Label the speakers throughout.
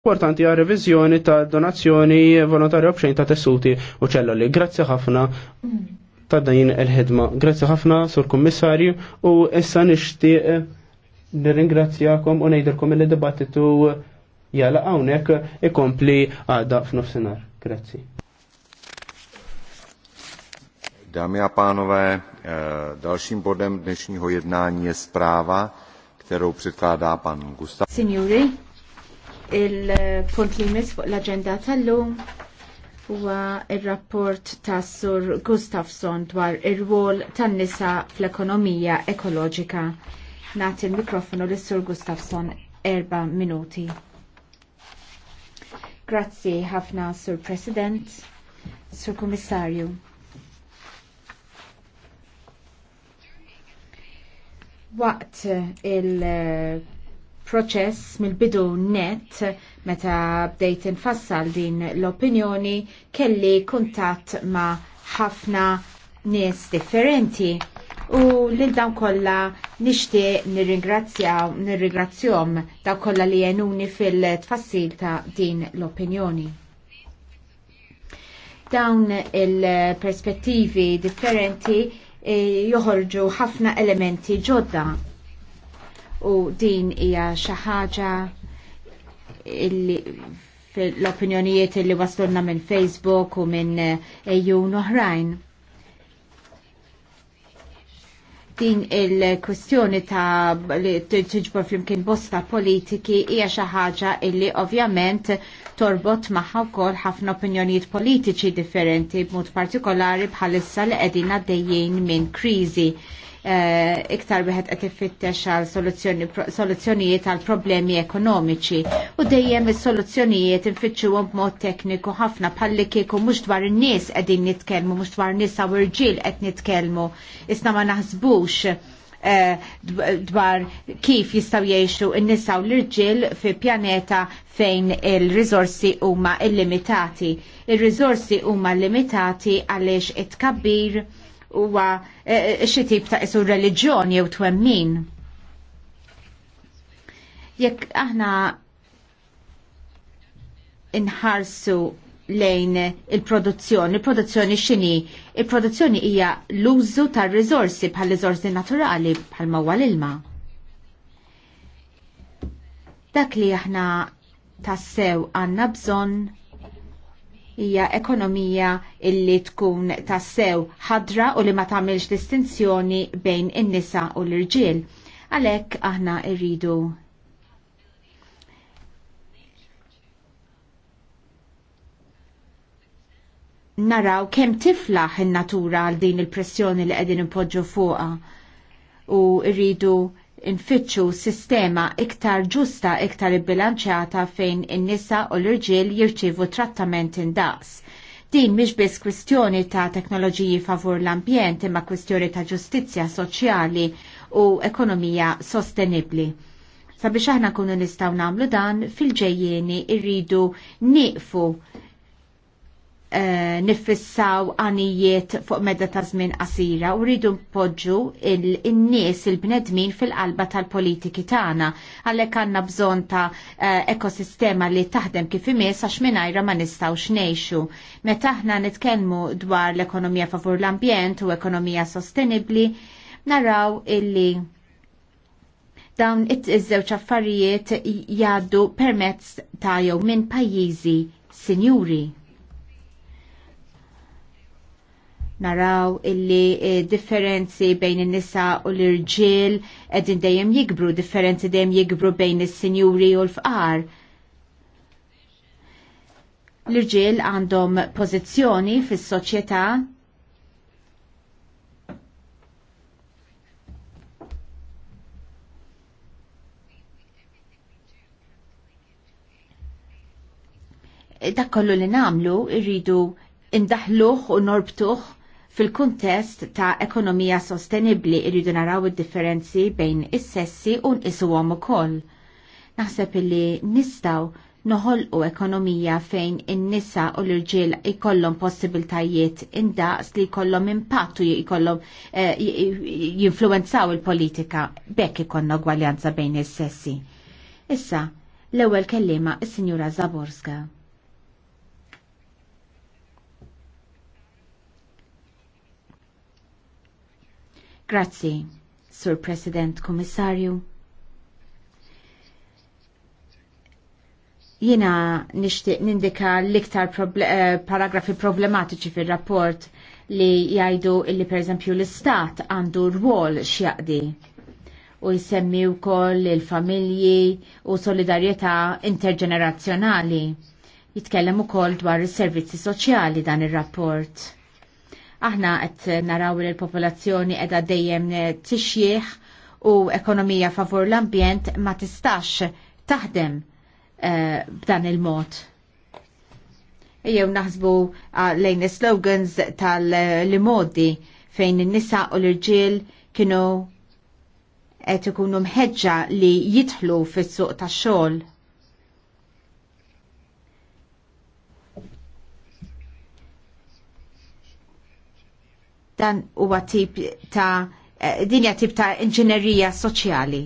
Speaker 1: Importanti għal revizjoni ta' donazzjoni volontarja bxejn ta' tessuti u ċelloli. Grazzi ħafna ta' dajn il ħedma Grazzi ħafna, sur Kommissarju, u issa nishtiq eh, nirringrazzjakom u nejderkom il debattitu eh, jala għawnek ikompli għada f'nofsinar. Grazzi. Dámy a pánové, eh, dalším bodem dnešního jednání je zpráva, kterou předkládá pan Gustav.
Speaker 2: Signori, il-punt li jmiss fuq l-agenda tal-lum huwa il-rapport ta' Sur Gustafsson dwar ir-rwol tan-nisa fl-ekonomija ekoloġika. Nagħti il-mikrofonu lis sur Gustafsson erba' minuti. Grazzi ħafna Sur President, Sur Komissarju. Waqt il- proċess mill-bidu net meta bdejt infassal din l-opinjoni kelli kuntatt ma' ħafna nies differenti u lil dawn kollha nixtieq nirringrazzjaw nirringrazzjahom daw kollha li jenuni fil-tfassil ta' din l-opinjoni. Dawn il-perspettivi differenti eh, joħorġu ħafna elementi ġodda u din hija xi ħaġa illi fil-opinjonijiet illi waslunna minn Facebook u minn eh, ejjun oħrajn. Din il-kwestjoni ta' li tiġbor flimkien bosta politiki hija xi ħaġa illi ovvjament torbot magħha wkoll ħafna opinjonijiet politiċi differenti b'mod partikolari bħalissa li qegħdin għaddejjin minn kriżi Eh, iktar wieħed qed iffittex għal soluzzjonijiet għal problemi ekonomiċi u dejjem is-soluzzjonijiet infittxuhom b'mod tekniku ħafna bħalli kieku mhux dwar in-nies qegħdin nitkellmu mhux dwar n-nis u rġiel qed nitkellmu isna ma naħsbux eh, dwar kif jistaw jiexu n-nisa u l-irġil fi pjaneta fejn il-rizorsi huma illimitati. Il-rizorsi huma limitati għaliex it-kabbir huwa e, e, xi tip ta' isu reliġjon jew twemmin. Jekk aħna inħarsu lejn il-produzzjoni, il-produzzjoni x'inhi? il-produzzjoni hija l-użu tar-riżorsi bħal-riżorsi naturali bħal ma l-ilma. Dak li aħna tassew għanna bżonn hija ekonomija illi tkun tassew ħadra u li ma tagħmilx distinzjoni bejn in-nisa u l-irġiel. Għalhekk aħna rridu naraw kemm tiflaħ in-natura għal din il-pressjoni li qegħdin impoġġu fuqha u rridu infittxu sistema iktar ġusta, iktar ibbilanċjata fejn in-nisa u l-irġiel jirċievu trattament indaqs. Din mhix biss kwistjoni ta' teknoloġiji favur l-ambjent imma kwistjoni ta' ġustizzja soċjali u ekonomija sostenibbli. Sabiex aħna kunu nistgħu nagħmlu dan fil-ġejjieni irridu nieqfu Eh, nifissaw għanijiet fuq medda ta' żmien qasira u rridu npoġġu in-nies il-bnedmin fil-qalba tal-politiki tagħna għalhekk għandna bżonn ta' eh, ekosistema li taħdem kif imiss għax mingħajra ma nistgħux ngħixu. Meta aħna nitkellmu dwar l-ekonomija favur l-ambjent u ekonomija sostenibbli, naraw illi dawn it-żewġ affarijiet jgħaddu permezz ta' jew minn pajjiżi sinjuri. naraw illi eh, differenzi bejn in-nisa u l-irġiel qegħdin dejjem jikbru, differenzi dejjem jikbru bejn is-sinjuri u l-fqar. L-irġiel għandhom pożizzjoni fis-soċjetà dak kollu li namlu irridu indaħluħ u norbtuħ Fil-kuntest ta' ekonomija sostenibli irridu naraw id-differenzi bejn is-sessi u u ukoll. Naħseb li nistaw noħolqu ekonomija fejn in-nisa u l-irġiel ikollhom possibiltajiet indaqs li jkollhom impatt u jkollhom eh, jinfluwenzaw il-politika bekk ikollna gwaljanza bejn is-sessi. Issa, l-ewwel kellima is-Sinjura Zaborska. Grazzi, Sur President Komissarju. Jina nishtiq nindika l-iktar proble eh, paragrafi problematiċi fil-rapport li jajdu illi per eżempju l-istat għandu rwol xjaqdi u jsemmi u koll il-familji u solidarieta interġenerazzjonali. Jitkellem u koll dwar il-servizzi soċjali dan il-rapport Aħna qed naraw li l-popolazzjoni qiegħda dejjem tixjieħ u ekonomija favur l-ambjent ma tistax taħdem eh, b'dan il-mod Ejjew naħsbu ah, lejn slogans tal-modi fejn in-nisa u l-irġiel kienu qed ikunu mħeġġa li jidħlu fis-suq tax-xogħol. Dan huwa tip ta' eh, dinja tip ta' inġinerija soċjali.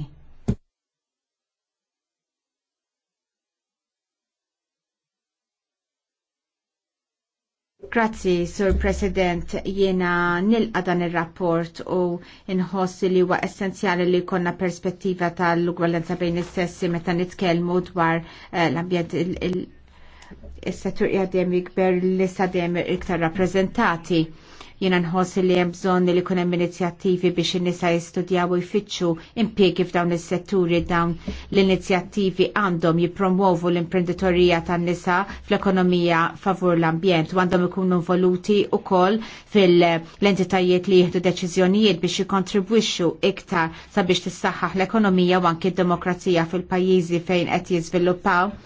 Speaker 2: Grazzi, Sur President, jiena nilqa dan il-rapport u nħoss li huwa essenzjali li konna perspettiva tal-ugwalenza bejn is-sessi meta nitkellmu dwar eh, l-ambjent il-settur il, ikber l il, iktar rappreżentati Jena nħossi li hemm bżonn li jkun hemm inizjattivi biex in-nisa jistudjaw u jfittxu impjiegi f'dawn is-setturi dawn l-inizjattivi għandhom jippromwovu l-imprenditorija tan-nisa fl-ekonomija favur l-ambjent u għandhom ikunu involuti wkoll fil-entitajiet li jieħdu deċiżjonijiet biex jikontribwixxu iktar sabiex tissaħħaħ l-ekonomija u anki d-demokrazija fil-pajjiżi fejn qed jiżviluppaw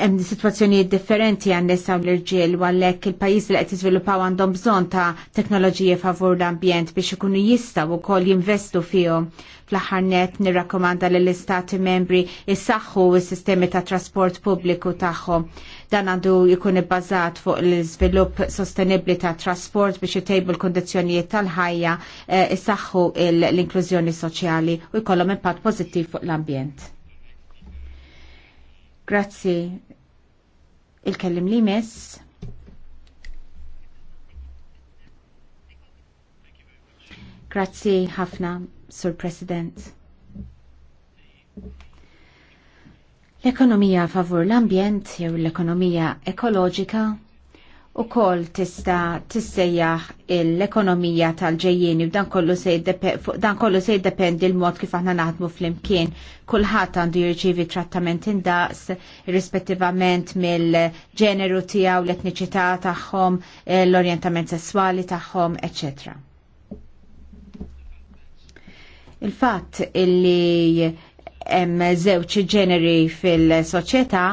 Speaker 2: hemm situazzjonijiet differenti għan nisa u l-irġiel u għalhekk il-pajjiż li qed jiżviluppaw għandhom bżonn ta' teknoloġija favur l-ambjent biex ikunu jistgħu wkoll jinvestu fihom. Fl-aħħar net nirrakkomanda lill istati membri jsaħħu s-sistemi ta' trasport pubbliku tagħhom. Dan għandu jkun ibbażat fuq l-iżvilupp sostenibbli ta' trasport biex itejbu l kundizzjonijiet tal-ħajja, jsaħħu eh, l-inklużjoni soċjali u jkollhom impatt pożittiv fuq l-ambjent. Grazzi il-kellim li mess. Grazzi ħafna, Sur President. L-ekonomija favur l-ambjent jew l-ekonomija ekoloġika u kol tista tissejjaħ l-ekonomija tal-ġejjeni u dan kollu se jiddependi l-mod kif aħna naħdmu fl-imkien. Kulħadd għandu jirċievi trattament indaqs, rispettivament mill-ġeneru tiegħu, l-etniċità tagħhom, eh, l-orjentament sessuali tagħhom, etc. Il-fatt illi hemm żewġ ġeneri fil-soċjetà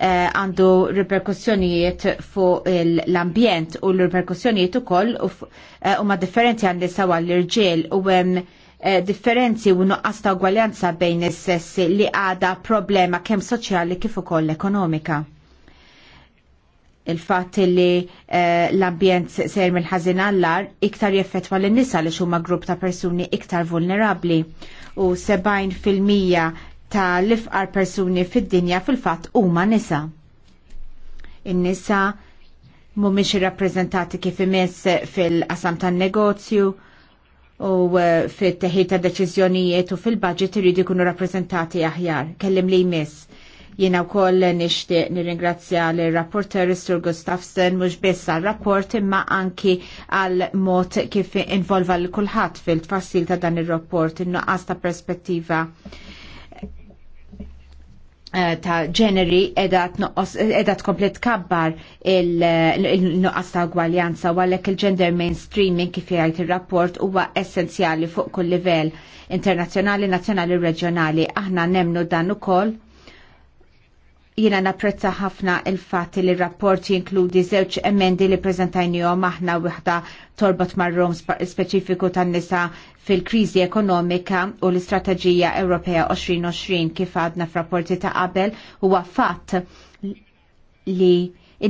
Speaker 2: Eh, għandu riperkussjonijiet fuq l-ambjent u l-riperkussjonijiet ukoll eh, huma differenti għan sawa l irġiel u hemm eh, differenzi u nuqqas ta' ugwaljanza bejn is-sessi li għada problema kemm soċjali kif ukoll ekonomika il-fatt li l-ambjent ser mill-ħazin għallar iktar jeffettwa l-nisa li xumma grupp ta' persuni iktar vulnerabli u 70% ta' l-ifqar persuni fid-dinja fil-fatt huma nisa. In-nisa mhumiex irrappreżentati kif imess fil-qasam tan-negozju u uh, fit-teħid ta' deċiżjonijiet u fil-budget iridu jkunu rappreżentati aħjar. Kellim li jmiss. Jiena wkoll nixtieq nirringrazzja l rapporter Sur Gustafsson mhux biss għal rapport imma anki għal mod kif involva l kulħadd fil-tfassil ta' dan ir-rapport in-nuqqas ta' perspettiva Eh, ta' ġeneri edat tkompli tkabbar il-nuqqas ta' gwaljanza u għallek il-gender mainstreaming kif jgħid ir-rapport huwa essenzjali fuq kull livell internazzjonali, nazzjonali u reġjonali. Aħna nemnu dan ukoll Jina napprezza ħafna il-fatti li r-rapporti inkludi żewġ emendi li prezentajnijom aħna wihda torbot mar specifiku speċifiku tan-nisa fil-kriżi ekonomika u l-Istrateġija Ewropea 2020 kif għadna f'rapporti ta' qabel huwa fatt li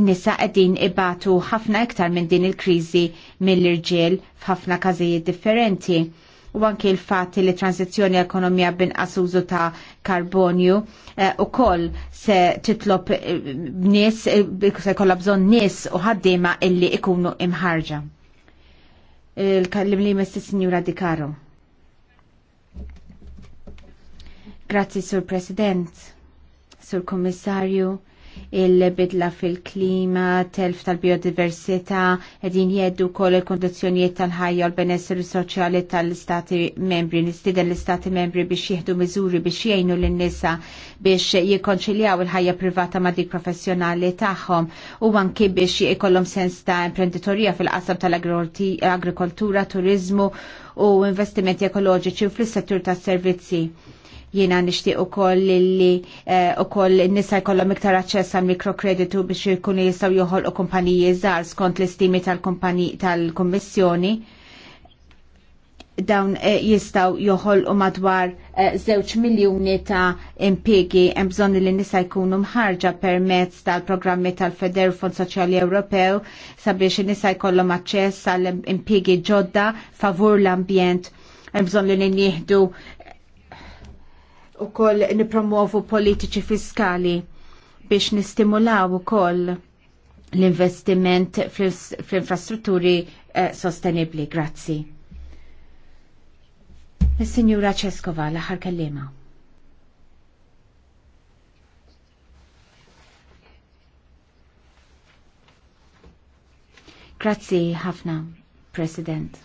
Speaker 2: in-nisa qegħdin ibatu ħafna iktar minn din il-kriżi mill-irġiel f'ħafna każijiet differenti u anke il-fatti li transizzjoni ekonomija bin użu ta' karbonju eh, u koll se titlob eh, nis, eh, se kolla bżon nis u ħaddima illi ikunu imħarġa. Il-kallim li mesti signora Di Caro. Grazzi, Sur President, Sur Kommissarju il-bidla fil-klima, telf tal-biodiversità, edin jeddu kol il kondizjoniet tal-ħajja u l-benesseri soċjali tal-istati membri, nistiden l-istati membri biex jihdu miżuri biex jgħinu l-nisa biex jikonċiljaw il-ħajja privata ma' dik professjonali tagħhom u anki biex jikollhom sens ta' imprenditorija fil-qasam tal-agrikoltura, turizmu u investimenti ekoloġiċi u fil settur tas-servizzi Jiena nixtieq ukoll li eh, ukoll nisa jkollhom iktar aċċess għal mikrokreditu biex jkunu jistgħu joħolqu kumpaniji żgħar skont l-istimi tal-Kummissjoni dawn eh, jistaw joħolqu madwar eh, żewġ miljuni ta' impiegi hemm bżonn li nisa jkunu mħarġa permezz tal-programmi tal-Feder Fond Soċjali Ewropew sabiex nisa jkollhom aċċess għall impiegi ġodda favur l-ambjent hemm bżonn li nieħdu u koll nipromovu politiċi fiskali biex nistimulaw u koll l-investiment fl-infrastrutturi eh, sostenibli. Grazzi. Signora Ceskova, l kellima. Grazzi ħafna, President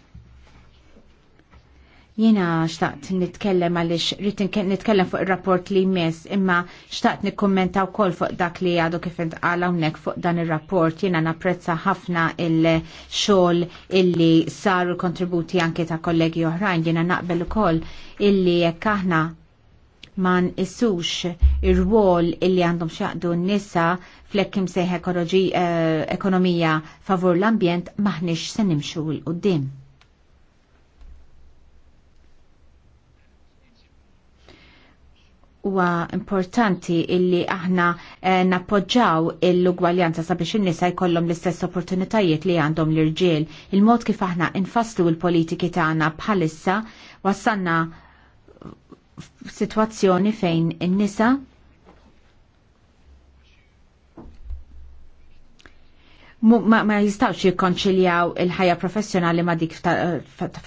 Speaker 2: jina xtaqt nitkellem għalix rritin nitkellem fuq il-rapport li jmiss imma xtaqt nikkommentaw wkoll fuq dak li għadu kif intqala hawnhekk fuq dan ir-rapport jiena napprezza ħafna il-xogħol illi saru kontributi anke ta' kollegi oħrajn jiena naqbel ukoll illi jekk aħna ma nqissux ir-rwol illi għandhom xaqdu n-nisa f'lek seħ eh, ekonomija favur l-ambjent maħniex se nimxu l-qudiem. huwa importanti illi aħna eh, nappoġġaw l-ugwaljanza sabiex in-nisa jkollhom l-istess opportunitajiet li għandhom l-irġiel. Il-mod kif aħna infaslu l-politiki tagħna bħalissa wassanna situazzjoni fejn in-nisa ma, ma jistawx jikkonċiljaw il-ħajja professjonali ma dik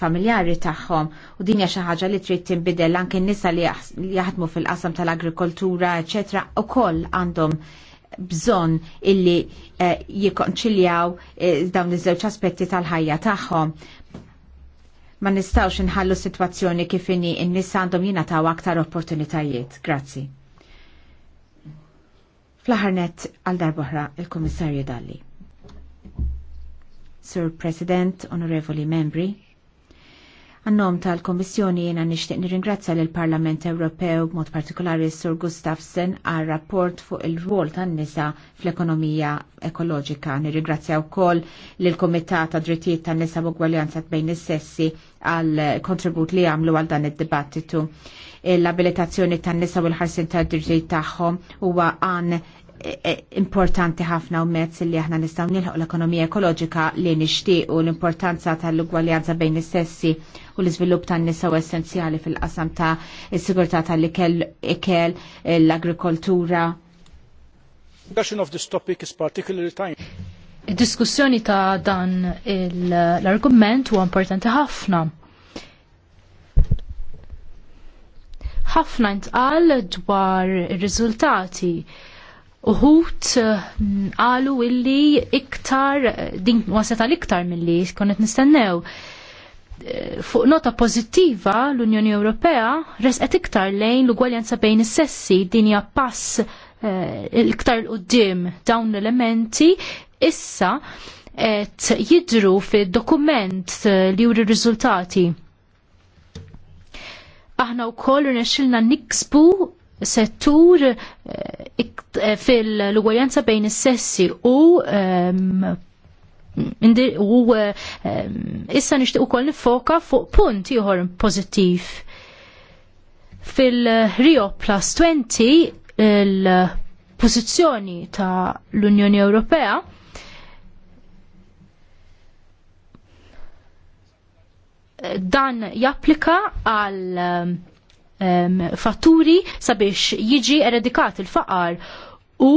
Speaker 2: familjari tagħhom u din hija xi ħaġa li trid tinbidel anke n-nisa li jaħdmu fil-qasam tal-agrikoltura, eċetera, ukoll għandhom bżonn illi eh, jikkonċiljaw eh, dawn iż-żewġ aspetti tal-ħajja tagħhom. Ma nistawx inħallu sitwazzjoni kif inhi n-nisa għandhom jingħataw aktar opportunitajiet. Grazzi. fl nett għal darbohra il-Kummissarju Dalli. Sir President, Onorevoli Membri. Għannom tal-Komissjoni jena nishtiq nirringrazzja lill parlament Ewropew b'mod partikolari Sur Gustafsson għal rapport fuq il-rwol tan-nisa fl-ekonomija ekoloġika. Nirringrazzja wkoll lill kumitat ta' Drittijiet tan-Nisa u Gwaljanza bejn is-sessi għal kontribut li għamlu għal dan id-dibattitu l-abilitazzjoni tan nisa u l-ħarsin ta' drittijiet tagħhom huwa għan E, e, importanti ħafna u mezz li aħna nistgħu nilħu l-ekonomija ekoloġika li nixtieq u l-importanza tal-ugwaljanza bejn is-sessi u l-iżvilupp tan-nisa u essenzjali fil-qasam ta' s-sigurtà tal-ikel, ikel, l-agrikoltura.
Speaker 1: Discussion of this topic is particularly time. Diskussjoni ta' dan l-argument huwa importanti ħafna. ħafna ntqal dwar ir-riżultati uħut eh, għalu illi iktar, din waset għal iktar mill-li konet nistennew. Eh, fuq nota pozittiva l-Unjoni Ewropea resqet iktar lejn l-ugwaljanza bejn is-sessi din hija pass eh, iktar l qudiem dawn l-elementi issa qed jidru fid-dokument li juri riżultati. Aħna wkoll irnexxilna niksbu settur eh, eh, fil lugwajanza bejn is-sessi u ehm, u ehm, issa nixtieq ukoll nifoka fuq punt ieħor pożittiv. Fil-Rio Plus 20 il-pożizzjoni ta' l-Unjoni Ewropea dan japplika għal ehm, fatturi sabiex jiġi eredikat il-faqar u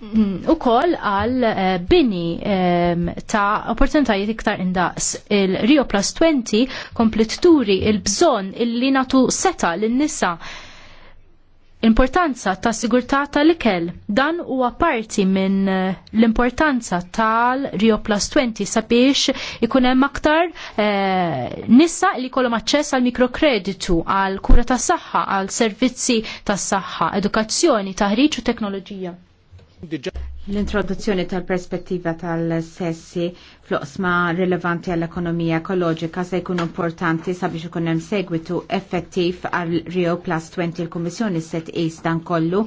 Speaker 1: mm, u koll għal eh, bini um, ta' opportunitajiet iktar indaqs. Il-Rio Plus 20 komplitturi il-bżon illi natu seta l-nisa importanza ta' sigurtà tal-ikel. Dan huwa parti minn eh, l-importanza tal rioplas 20 sabiex ikun hemm aktar eh, nissa li jkollhom aċċess għal mikrokreditu, għal kura tas saħħa, għal servizzi tas saħħa, edukazzjoni, taħriġ u teknoloġija.
Speaker 2: L-introduzzjoni tal-perspettiva tal-sessi fl-oqsma rilevanti għall-ekonomija ekoloġika se jkun importanti sabiex ikun hemm segwitu effettiv għal Rio Plus 20 il-Kummissjoni se tqis dan kollu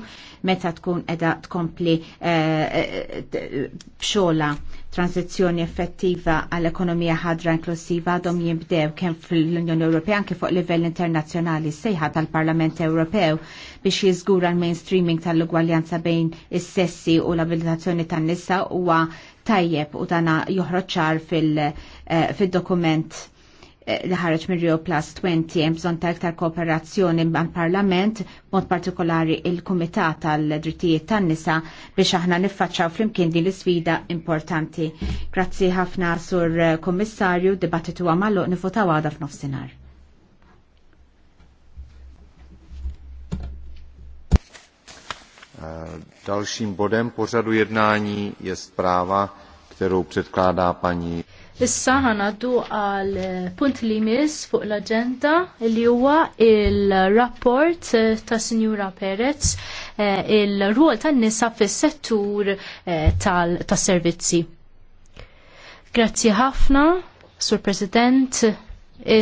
Speaker 2: meta tkun qiegħda tkompli b'xogħla tranzizzjoni effettiva għall ekonomija ħadra inklusiva għadhom jinbdew kemm fl-Unjoni Ewropea anke fuq livell internazzjonali sejħa tal-Parlament Ewropew biex jiżgura l-mainstreaming tal-ugwaljanza bejn is-sessi u l-abilitazzjoni tan-nisa huwa tajjeb u dana joħroċ ċar eh, fil-dokument fil dokument li ħareġ minn Rio Plus 20 hemm bżonn ta' iktar kooperazzjoni mal-Parlament, mod partikolari il-Kumitat tal-Drittijiet tan-Nisa biex aħna niffaċċaw flimkien din l-isfida importanti. Grazzi ħafna sur Kommissarju, dibattitu magħluq nifuta għada f'nofsinhar.
Speaker 1: Eh, dalším bodem pořadu jednání je zpráva, kterou předkládá paní Issa ħanaddu għal punt li mis fuq l-agenda li huwa il-rapport ta' Sinjura Perez eh, il-ruol tan-nisa fis-settur eh, tas-servizzi. Grazzi ħafna, Sur President,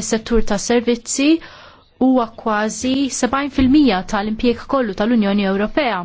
Speaker 1: settur tas-servizzi huwa kważi 70% tal-impjeg kollu tal-Unjoni Ewropea